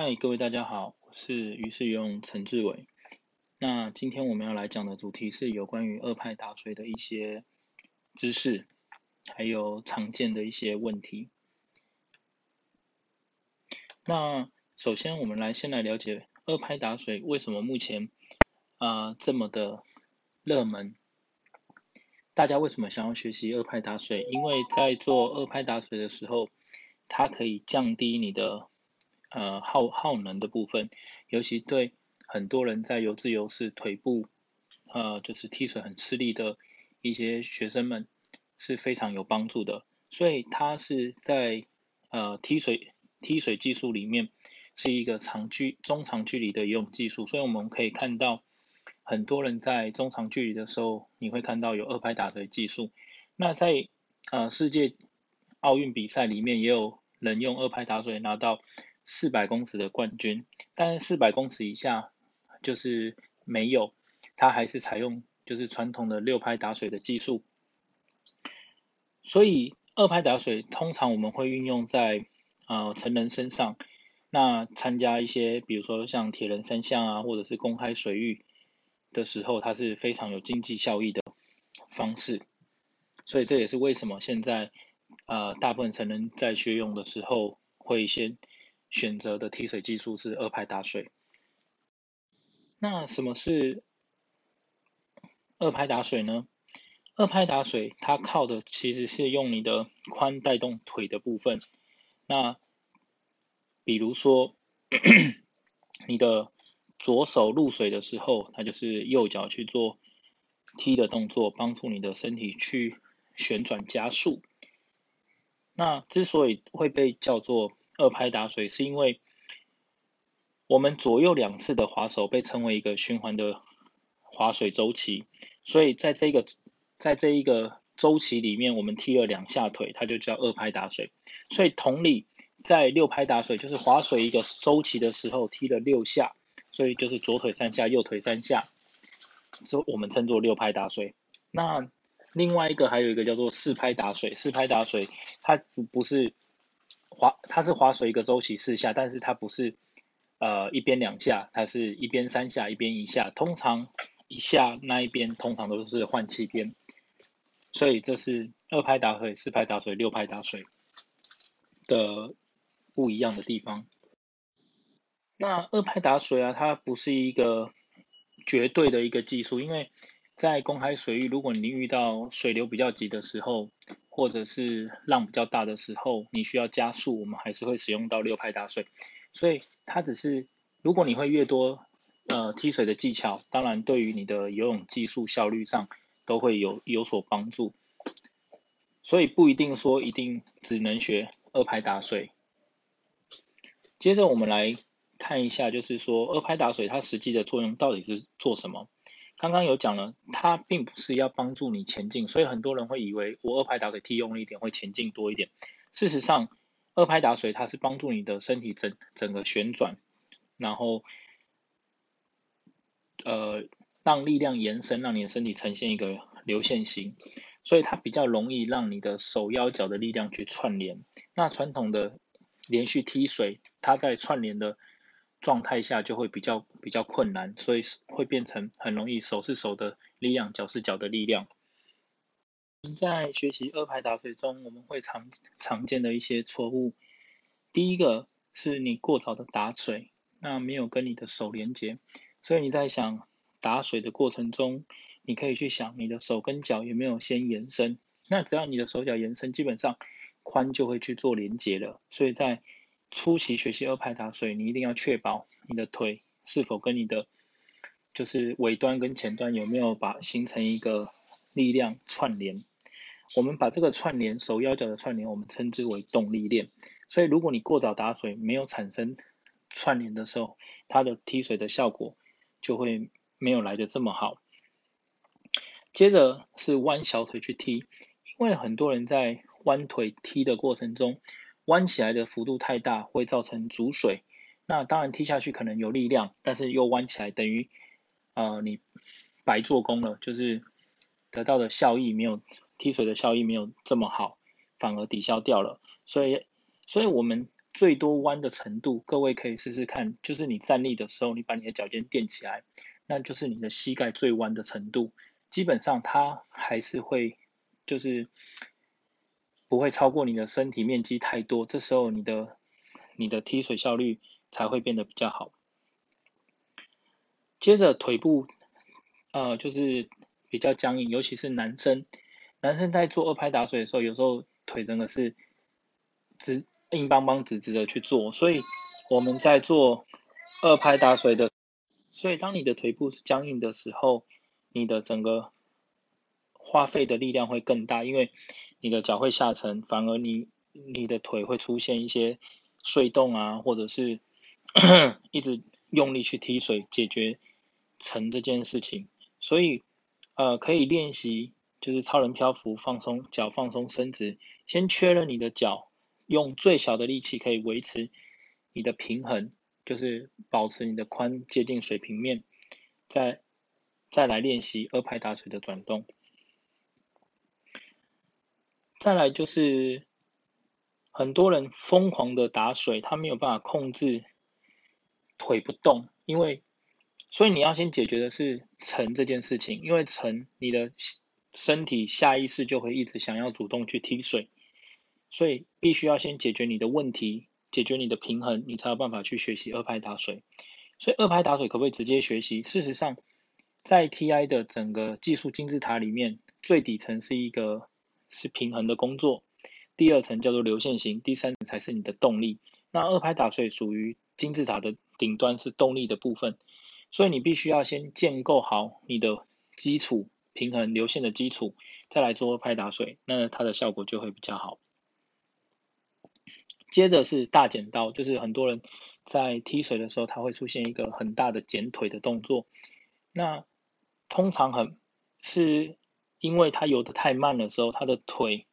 嗨，各位大家好，我是魚式游泳陳志偉。那今天我們要來講的主題是有關於二拍打水的一些知識，還有常見的一些問題。那首先我們來先來了解二拍打水為什麼目前啊、呃、這麼的熱門？大家為什麼想要學習二拍打水？因為在做二拍打水的時候，它可以降低你的呃，耗耗能的部分，尤其對很多人在游自由式腿部，呃，就是踢水很吃力的一些學生們是非常有幫助的。所以它是在呃踢水踢水技術裡面是一個長距中長距離的游泳技術。所以我們可以看到很多人在中長距離的時候，你會看到有二拍打水技術。那在呃世界奧運比賽裡面，也有人用二拍打水拿到。四百公尺的冠軍，但是四百公尺以下就是沒有，它還是採用就是傳統的六拍打水的技術。所以二拍打水通常我們會運用在呃成人身上，那參加一些比如說像鐵人三項啊，或者是公開水域的時候，它是非常有經濟效益的方式。所以這也是為什麼現在呃大部分成人在學泳的時候會先。選擇的踢水技術是二拍打水。那什麼是二拍打水呢？二拍打水它靠的其實是用你的髖帶動腿的部分。那比如說，你的左手入水的時候，它就是右腳去做踢的動作，幫助你的身體去旋轉加速。那之所以會被叫做二拍打水是因為我們左右兩次的划手，被稱為一個循環的划水周期，所以在這個在這一個周期裡面，我們踢了兩下腿，它就叫二拍打水。所以同理，在六拍打水就是划水一個周期的時候踢了六下，所以就是左腿三下，右腿三下，所以我們稱作六拍打水。那另外一個還有一個叫做四拍打水，四拍打水它不是。劃，它是划水一個周期四下，但是它不是，呃，一邊兩下，它是一邊三下，一邊一下。通常一下那一邊通常都是換氣邊，所以這是二拍打水、四拍打水、六拍打水的不一樣的地方。那二拍打水啊，它不是一個絕對的一個技術，因為在公開水域，如果你遇到水流比較急的時候，或者是浪比較大的時候，你需要加速，我們還是會使用到六拍打水，所以它只是如果你會越多呃踢水的技巧，當然對於你的游泳技術效率上都會有有所幫助，所以不一定說一定只能學二拍打水。接着我們來看一下，就是說二拍打水它實際的作用到底是做什麼？剛剛有講了，它並不是要幫助你前進，所以很多人會以為我二拍打腿，踢用力一點會前進多一點。事實上，二拍打水它是幫助你的身體整整個旋轉，然後呃讓力量延伸，讓你的身體呈現一個流線型，所以它比較容易讓你的手腰腳的力量去串聯。那傳統的連續踢水，它在串聯的。狀態下就會比較比較困難，所以會變成很容易手是手的力量，腳是腳的力量。在學習二拍打水中，我們會常常見的一些錯誤。第一個是你過早的打水，那沒有跟你的手連接，所以你在想打水的過程中，你可以去想你的手跟腳有沒有先延伸。那只要你的手腳延伸，基本上髖就會去做連接了，所以在初期學習二拍打水，你一定要確保你的腿是否跟你的就是尾端跟前端有沒有把形成一個力量串聯。我們把這個串聯手腰腳的串聯，我們稱之為動力鏈。所以，如果你過早打水，沒有產生串聯的時候，它的踢水的效果就會沒有來得這麼好。接着是彎小腿去踢，因為很多人在彎腿踢的過程中。彎起來的幅度太大，會造成阻水。那當然踢下去可能有力量，但是又彎起來，等於呃你白做工了，就是得到的效益沒有，踢水的效益沒有這麼好，反而抵消掉了。所以，所以我們最多彎的程度，各位可以試試看，就是你站立的時候，你把你的腳尖墊起來，那就是你的膝蓋最彎的程度。基本上它還是會就是。不會超過你的身體面積太多，這時候你的你的踢水效率才會變得比較好。接着腿部，呃，就是比較僵硬，尤其是男生，男生在做二拍打水的時候，有時候腿真的是直硬邦邦直直的去做，所以我們在做二拍打水的，所以當你的腿部是僵硬的時候，你的整個花費的力量會更大，因為。你的腳會下沉，反而你你的腿會出現一些碎洞啊，或者是 一直用力去踢水解決沉這件事情。所以呃，可以練習就是超人漂浮，放鬆腳放鬆伸直，先確認你的腳用最小的力氣可以維持你的平衡，就是保持你的髖接近水平面，再再來練習二拍打水的轉動。再來就是很多人瘋狂的打水，他沒有辦法控制腿不動，因為所以你要先解決的是沉這件事情，因為沉你的身體下意識就會一直想要主動去踢水，所以必須要先解決你的問題，解決你的平衡，你才有辦法去學習二拍打水。所以二拍打水可不可以直接學習？事實上，在 TI 的整個技術金字塔裡面，最底層是一個。是平衡的工作，第二層叫做流線型，第三層才是你的動力。那二拍打水屬於金字塔的頂端，是動力的部分，所以你必須要先建構好你的基礎平衡流線的基礎，再來做二拍打水，那它的效果就會比較好。接着是大剪刀，就是很多人在踢水的時候，它會出現一個很大的剪腿的動作，那通常很是。因為他游得太慢的時候，他的腿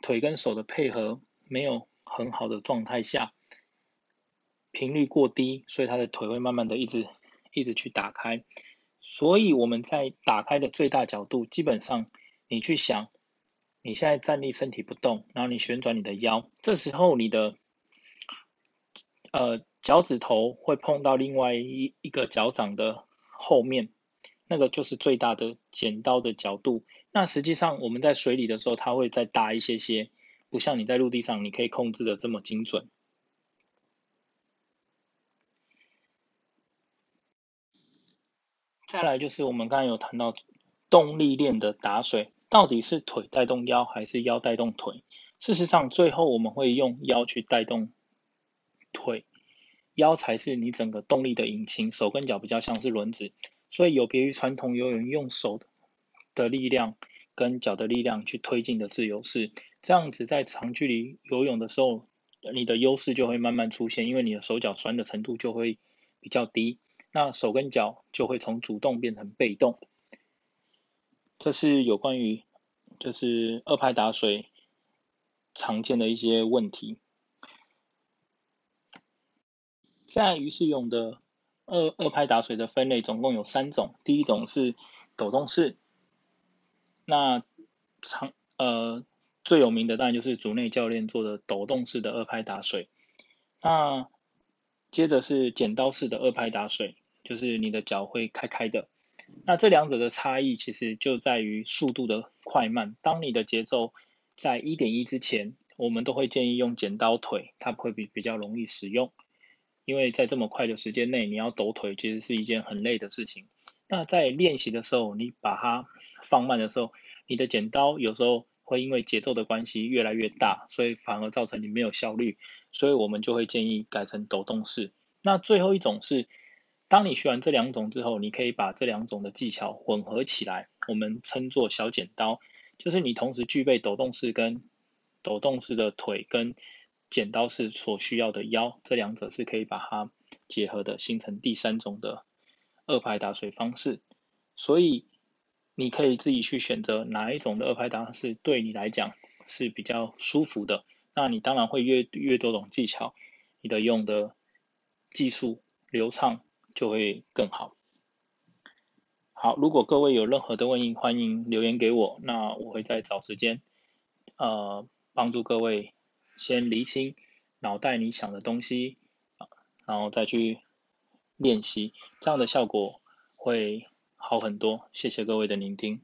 腿跟手的配合沒有很好的狀態下，頻率過低，所以他的腿會慢慢的一直一直去打開。所以我們在打開的最大角度，基本上你去想，你現在站立身體不動，然後你旋轉你的腰，這時候你的呃腳趾頭會碰到另外一一個腳掌的後面。那個就是最大的剪刀的角度。那實際上我們在水裡的時候，它會再大一些些，不像你在陸地上，你可以控制得這麼精準。再來就是我們剛剛有談到動力鏈的打水，到底是腿帶動腰還是腰帶動腿？事實上，最後我們會用腰去帶動腿，腰才是你整個動力的引擎，手跟腳比較像是輪子。所以有別於傳統游泳用手的力量跟腳的力量去推進的自由式，這樣子在長距離游泳的時候，你的優勢就會慢慢出現，因為你的手腳酸的程度就會比較低，那手跟腳就會從主動變成被動。這是有關於就是二拍打水常見的一些問題，在魚式泳的。二二拍打水的分類總共有三種，第一種是抖動式，那長呃最有名的當然就是竹內教練做的抖動式的二拍打水，那接着是剪刀式的二拍打水，就是你的腳會開開的，那這兩者的差異其實就在於速度的快慢，當你的節奏在一點一之前，我們都會建議用剪刀腿，它不會比比較容易使用。因為在這麼快的時間內，你要抖腿其實是一件很累的事情。那在練習的時候，你把它放慢的時候，你的剪刀有時候會因為節奏的關係越來越大，所以反而造成你沒有效率。所以我們就會建議改成抖動式。那最後一種是，當你學完這兩種之後，你可以把這兩種的技巧混合起來，我們稱作小剪刀，就是你同時具備抖動式跟抖動式的腿跟。剪刀是所需要的腰，這兩者是可以把它結合的，形成第三種的二拍打水方式。所以你可以自己去選擇哪一種的二拍打水對你來講是比較舒服的。那你當然會越越多種技巧，你的用的技術流暢就會更好。好，如果各位有任何的問題，歡迎留言給我，那我會再找時間呃幫助各位。先理清腦袋裡想的東西，然後再去練習，這樣的效果會好很多。謝謝各位的聆聽。